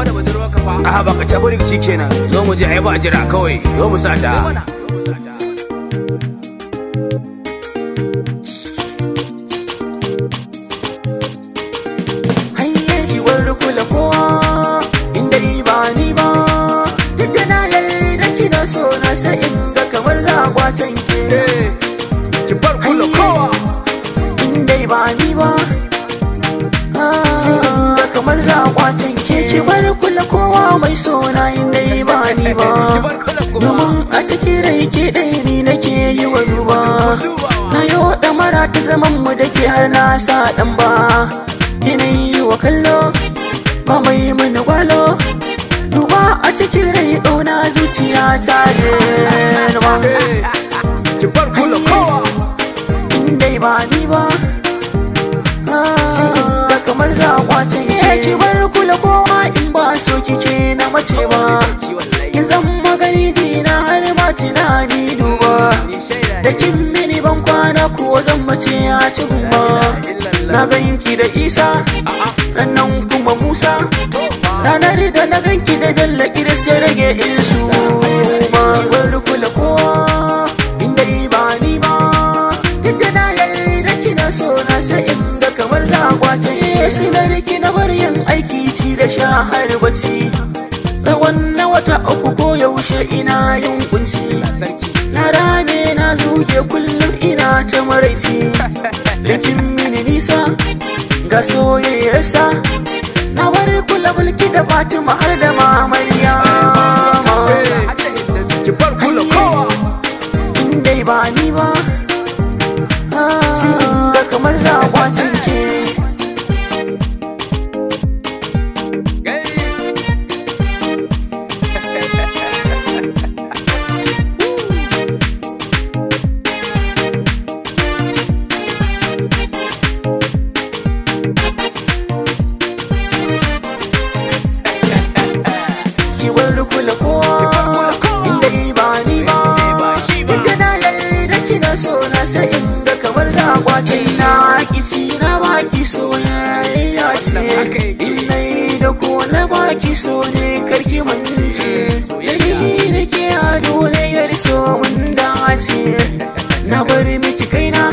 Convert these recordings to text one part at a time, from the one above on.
fa da budurwa ka fa a ka ci kenan zo mu je ai ba jira kawai zo mu sa ta so in ga kamar za a ke ki bar kula kowa in dai ba ni ba sai in ga kamar za a bar kula kowa mai sona inda yi ba ni ba domin a cikin rai ke ɗaya ni nake yi wa duba na yi wa mara ta zaman mu da ke har na sa ɗan ba yanayi yi wa kallo ba mai mana gwalo duba a cikin rai ɗauna zuciya ta girma. Ki bar kula ba ni ba. kauce ba ki zan magani jina har ma tunani duba da kin mini ban kwana ko zan mace ya ci gumma na ganki da isa sannan kuma musa ranar da na ganki da bello da sai rage isu. Ba ma wani kula kowa inda imani ba inda na yarda kina so na sai inda kamar za kwace riki na bar yin aiki ci da sha har bacci ta wannan wata uku ko yaushe ina yin kunci na rame na zuge kullum ina ta maraici zikin mini nisa ga soyayyarsa na bar kula bulki da fatima har da mamariya in dai ba ni ba sai in kamar Inai da ko na baki so ne karki mance eh, Yadda da ke a duniyar so mun dace Na bari miki kaina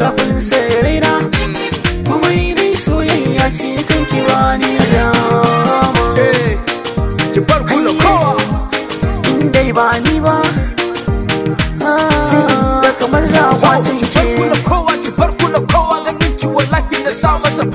gafin sai raina Kuma inai soyayya ce kan kiwa ni dama eh, Ki bar kula kowa Indai ba ni ba ah, Sai da kamar za a kwacin ke Ki bar kowa ki bar kowa ganin ki wallahi na sa masa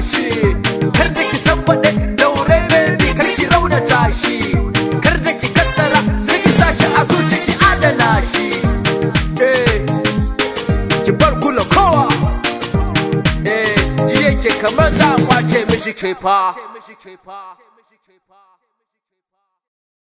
shi kar da ki san baɗe daure ne kar ki raunata shi kar da ki kasara sai ki sashi shi a zuciki ki adana shi eh ki bar kula kowa eh yake kamar za a kwace mishi fa